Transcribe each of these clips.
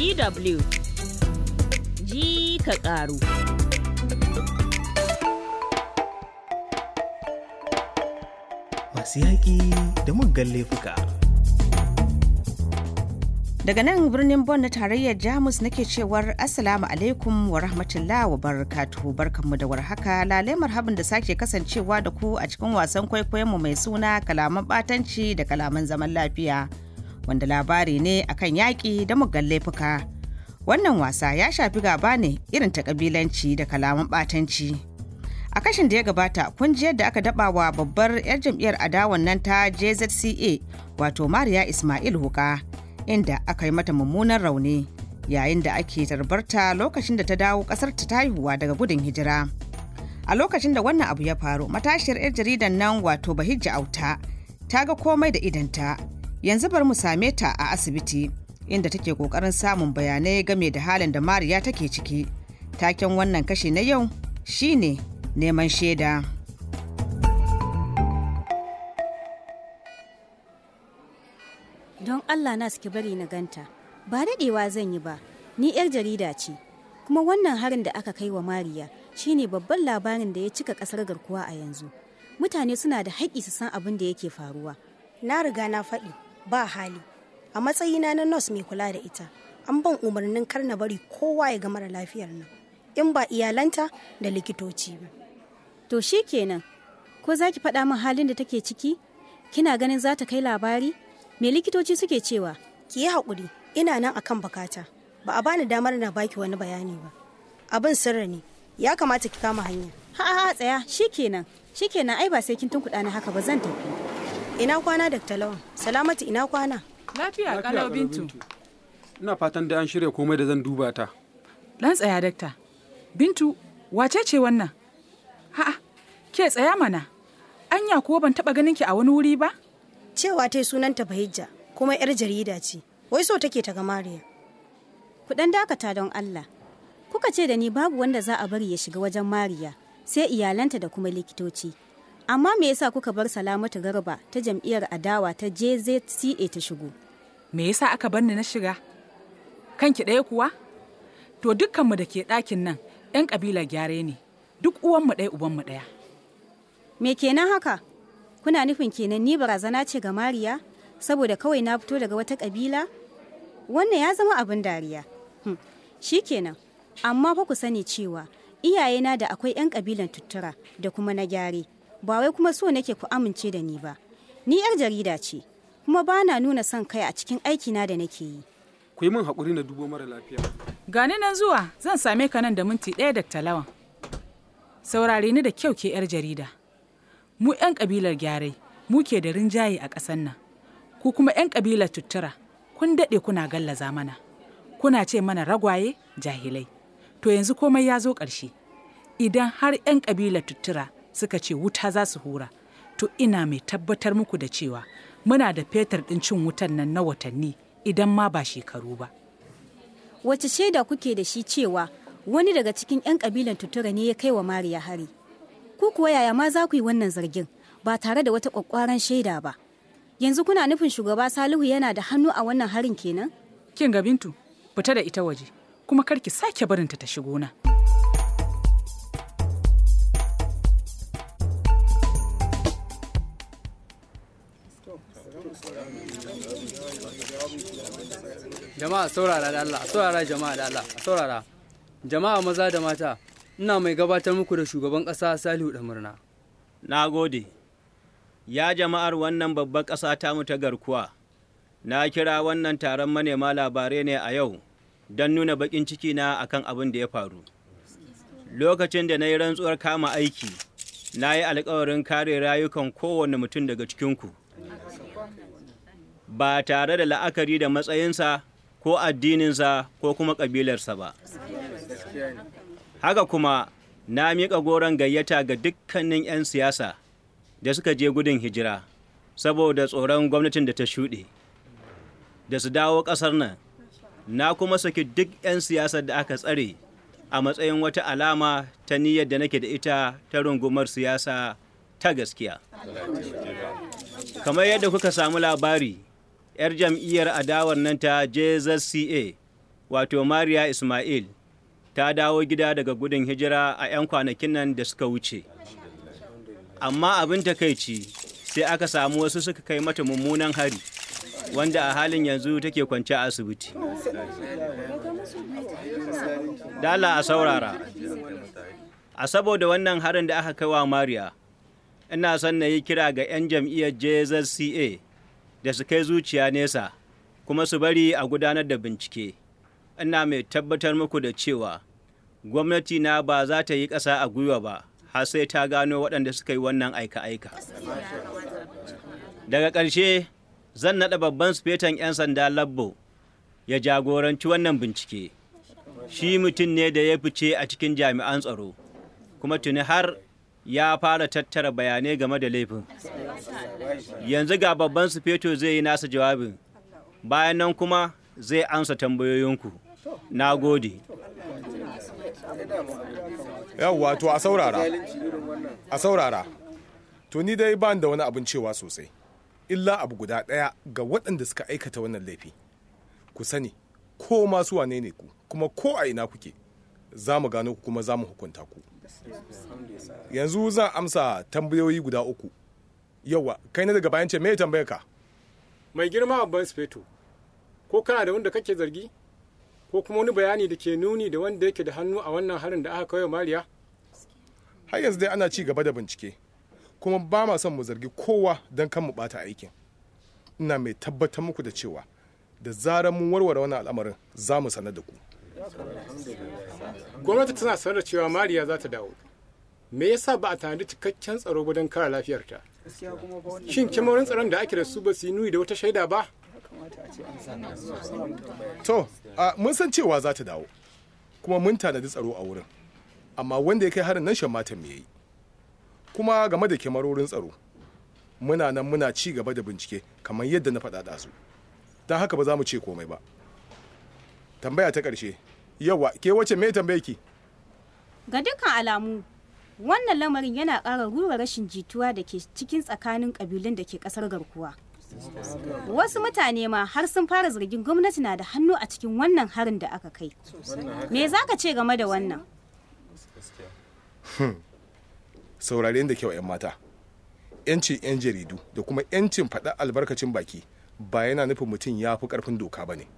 DW ji ka ƙaru. Masu yaƙi da muggan laifuka. Daga nan birnin Bon na tarayyar Jamus nake cewar Assalamu alaikum wa rahmatullah wa barakatuhu barkanmu da warhaka lalai marhabin da sake kasancewa da ku a cikin wasan kwaikwayonmu mai suna kalaman batanci da kalaman zaman lafiya. wanda labari ne akan yaƙi da muggan laifuka. Wannan wasa ya shafi gaba ne irin ta kabilanci da kalaman ɓatanci. A kashin da ya gabata kunjiyar da aka daba wa babbar 'yar jam'iyyar adawan nan ta JZCA wato Mariya Ismail Huka inda aka yi mata mummunan rauni yayin da ake tarbarta lokacin da ta dawo kasar ta haihuwa daga gudun hijira. A lokacin da wannan abu ya faru matashiyar 'yar jaridan nan wato Bahijja Auta ta ga komai da idanta yanzu bari mu same ta a asibiti inda take kokarin samun bayanai game da halin da mariya take ciki taken wannan kashe na yau shine neman shaida don allah na suke bari na ganta ba daɗewa zan yi ba ni 'yar jarida ce kuma wannan harin da aka kai wa mariya shine babban labarin da ya cika ƙasar garkuwa a yanzu mutane suna da haƙƙi su san abin da yake faruwa na riga na faɗi ba hali a matsayina na nos mai kula da ita an ban umarnin kar na bari kowa ya ga mara lafiyar nan in ba iyalanta da likitoci ba to shikenan, ko za ki faɗa min halin da take ciki kina ganin za ta kai labari me likitoci suke cewa ki yi haƙuri ina nan akan bukata ba a bani damar na baki wani bayani ba abin sirri ne ya kamata ki kama hanya ha ha tsaya shikenan shikenan ai ba sai kin tunkuɗa ni haka ba zan tafi Ina kwana Dr. Lawan? Salamatu ina kwana? Lafiya kalau Bintu. Ina fatan da an shirya komai da zan duba ta. Dan tsaya dakta. Bintu, wace ce wannan? Ha'a, ke tsaya mana. Anya ko ban taba ganin ki a wani wuri ba? Cewa tai sunanta Bahijja, kuma yar jarida ce. Wai so take ta ga Mariya. Ku dan dakata don Allah. Kuka ce da ni babu wanda za a bari ya shiga wajen Mariya, sai iyalanta da kuma likitoci. amma me yasa kuka bar salamatu garba ta jam'iyyar adawa ta jzca ta shigo me yasa aka bar ni na shiga kanki ɗaya kuwa to dukkanmu da ke ɗakin nan 'yan ƙabilar gyare ne duk uwanmu ɗaya ubanmu ɗaya me kenan haka kuna nufin kenan ni barazana ce ga mariya saboda kawai na fito daga wata ƙabila wannan ya zama abin dariya hm, shi kenan amma fa ku sani cewa iyayena da akwai 'yan ƙabilan tuttura da kuma na gyare ba wai kuma so nake ku amince da ni ba ni yar jarida ce kuma ba na nuna son kai a cikin aikina da nake yi ku yi min haƙuri na dubo mara lafiya gani nan zuwa zan same ka nan da minti ɗaya da talawan saurare ni da kyau ke yar jarida mu 'yan kabilar gyarai mu ke da rinjaye a ƙasan nan ku kuma 'yan kabilar tuttura kun daɗe kuna gallaza mana kuna ce mana ragwaye jahilai to yanzu komai ya zo ƙarshe idan har 'yan ƙabilar tuttura suka ce wuta za su hura to ina mai tabbatar muku da cewa muna da fetur ɗin cin wutan nan na watanni idan ma ba shekaru ba wace shaida kuke da shi cewa wani daga cikin 'yan kabilan tutura ne ya kai wa mariya hari ku kuwa yaya ma za ku yi wannan zargin ba tare da wata kwakwaran shaida ba yanzu kuna nufin shugaba salihu yana da hannu a wannan harin kenan kin ga bintu fita da ita waje kuma kar ki sake barinta ta shigo na. jama'a saurara da Allah saurara jama'a da Allah saurara jama'a maza da mata ina mai gabatar muku da shugaban ƙasa Salihu da murna na gode ya jama'ar wannan babbar ƙasa ta mu ta garkuwa na kira wannan taron manema labarai ne a yau don nuna baƙin ciki na akan abin da ya faru lokacin da na yi rantsuwar kama aiki na yi alkawarin kare rayukan kowane mutum daga cikinku ba tare da la'akari da matsayinsa ko addininsa ko kuma ƙabilarsa ba haka kuma na miƙa goron gayyata ga dukkanin 'yan siyasa da suka je gudun hijira saboda tsoron gwamnatin da ta shuɗe da su dawo ƙasar nan na kuma saki duk 'yan siyasar da aka tsare a matsayin wata alama ta niyyar da nake da ita ta rungumar siyasa ta gaskiya kamar yadda kuka samu labari 'yar jam'iyyar adawar nan ta JZCA wato Mariya Ismail ta dawo gida daga gudun hijira a 'yan kwanakin nan da suka wuce. Amma abin takaici sai aka samu wasu suka kai mata mummunan hari wanda a halin yanzu take kwance a asibiti. Dala a saurara. A saboda wannan harin da aka kai wa Mariya, ina son na yi kira ga 'yan jam'iyyar JZCA da su kai zuciya nesa kuma su bari a gudanar da bincike ina mai tabbatar muku da cewa gwamnati na ba za ta yi ƙasa a gwiwa ba har sai ta gano waɗanda suka yi wannan aika-aika daga ƙarshe zan naɗa babban sufetan 'yan sanda labbo ya jagoranci wannan bincike shi mutum ne da ya fice a cikin jami'an tsaro kuma tuni har ya fara tattara bayanai game da laifin yanzu ga babban su feto zai yi nasa jawabin bayan nan kuma zai ansa tambayoyinku na gode yawwa to a saurara a saurara to ni dai ban da wani abin cewa sosai illa abu guda ɗaya ga waɗanda suka aikata wannan laifi ku sani ko masu wane ne ku kuma ko a ina kuke za mu gano ku kuma za mu hukunta ku yanzu zan amsa tambayoyi guda uku yawa kai na daga bayan ce mai tambayar ka mai girma babban speto ko kana da wanda kake zargi ko kuma wani bayani da ke nuni da wanda yake da hannu a wannan harin da aka kawo mariya har yanzu dai ana ci gaba da bincike kuma ba ma son mu zargi kowa don kan mu bata aikin ina mai tabbatar muku da cewa da zarar mun warware wani al'amarin za mu sanar da ku gwamnati tana sanar da cewa mariya za ta dawo me yasa ba a tanadi cikakken tsaro wajen kare lafiyarta shin kyamarin tsaron da ake da su ba su yi nuyi da wata shaida ba to mun san cewa za ta dawo kuma mun tanadi tsaro a wurin amma wanda ya kai harin nan shan matan me kuma game da kyamarorin tsaro muna nan muna ci gaba da bincike kamar yadda na faɗa da su don haka ba za mu ce komai ba tambaya ta ƙarshe yawa ke wace me tambaye ga dukkan alamu wannan lamarin yana ƙara rura rashin jituwa da ke cikin tsakanin ƙabilun da ke ƙasar garkuwa wasu mutane ma har sun fara zargin gwamnati na da hannu a cikin wannan harin da aka kai me za ka ce game da wannan hmm. sauraren da kyau 'yan mata 'yancin 'yan jaridu da kuma 'yancin faɗa albarkacin baki ba yana nufin mutum ya fi ƙarfin doka ba ne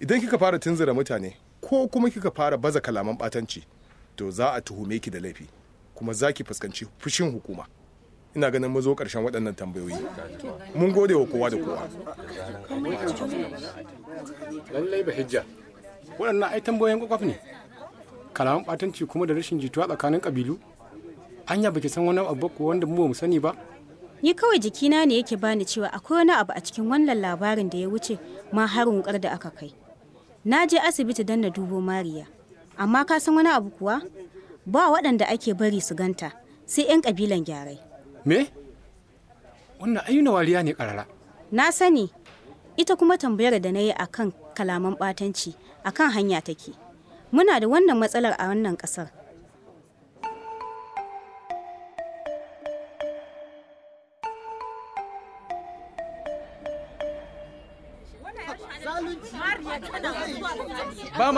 idan kika fara tunzura mutane ko kuma kika fara baza kalaman batanci to za a tuhume ki da laifi kuma za ki fuskanci fushin hukuma ina ganin mazo karshen waɗannan tambayoyi mun gode wa kowa da kowa lallai ba hijja waɗannan ai tambayoyin kwakwaf ne kalaman batanci kuma da rashin jituwa tsakanin ƙabilu anya baki san wani abu ko wanda mu ba mu sani ba ni kawai jikina ne yake bani cewa akwai wani abu a cikin wannan labarin da ya wuce ma harin da aka kai na je asibiti don na dubo mariya amma ka san wani abu kuwa ba waɗanda ake bari su ganta sai 'yan ƙabilan gyarai me wannan ayyuna wariya ne ƙarara na sani ita kuma tambayar da na yi a kan kalaman ɓatanci a kan hanya take muna da wannan matsalar a wannan ƙasar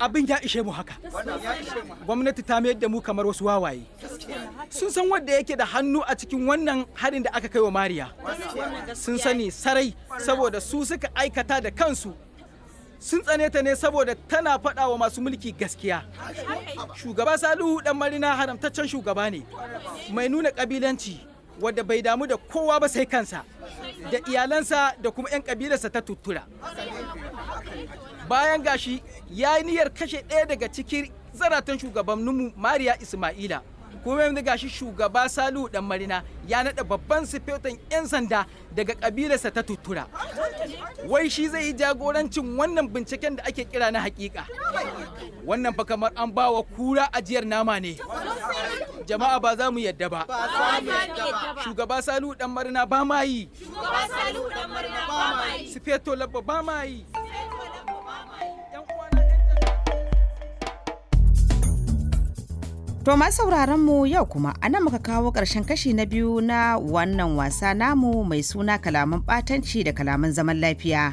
abin ya ishe mu haka gwamnati ta mayar da mu kamar wasu wawaye sun san wanda yake da hannu a cikin wannan harin da aka kai wa mariya sun sani sarai saboda su suka aikata da kansu sun tsane ta ne saboda tana faɗa wa masu mulki gaskiya shugaba salihu dan marina haramtaccen shugaba ne mai nuna kabilanci wadda bai damu da kowa ba sai kansa da iyalansa da kuma 'yan ƙabilarsa ta tuttura bayan gashi ya yi niyyar kashe ɗaya daga cikin zaratan shugabanninmu mariya ismaila kuma yanzu gashi shugaba salihu dan marina ya naɗa babban sifetan 'yan sanda daga kabilarsa ta tuttura wai shi zai yi jagorancin wannan binciken da ake kira na hakika wannan fa kamar an bawa kura ajiyar nama ne jama'a ba za mu yadda ba shugaba salihu dan marina ba ma yi sifeto labba ba ma yi To ma sauraron mu yau kuma anan muka kawo ƙarshen kashi na biyu na wannan wasa namu mai suna kalaman ɓatanci da kalaman zaman lafiya.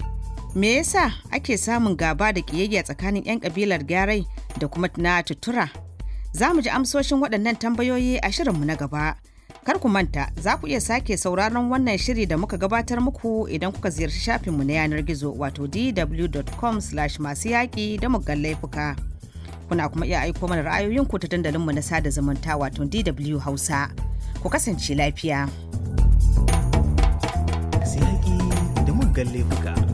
Me yasa ake samun gaba da ƙiyayya tsakanin 'yan ƙabilar gyarai da kuma na tutura? Za mu ji amsoshin waɗannan tambayoyi a shirin mu na gaba. Kar ku manta za ku iya sake sauraron wannan shiri da muka gabatar muku idan kuka ziyarci shafinmu na yanar gizo wato dw.com/masu yaƙi da muggan laifuka. Kuna kuma iya aiko mana ra'ayoyin ra'ayoyinku ta dandalinmu na sada zumunta wato DW Hausa. Ku kasance lafiya. Siyaki da muggan laifuka.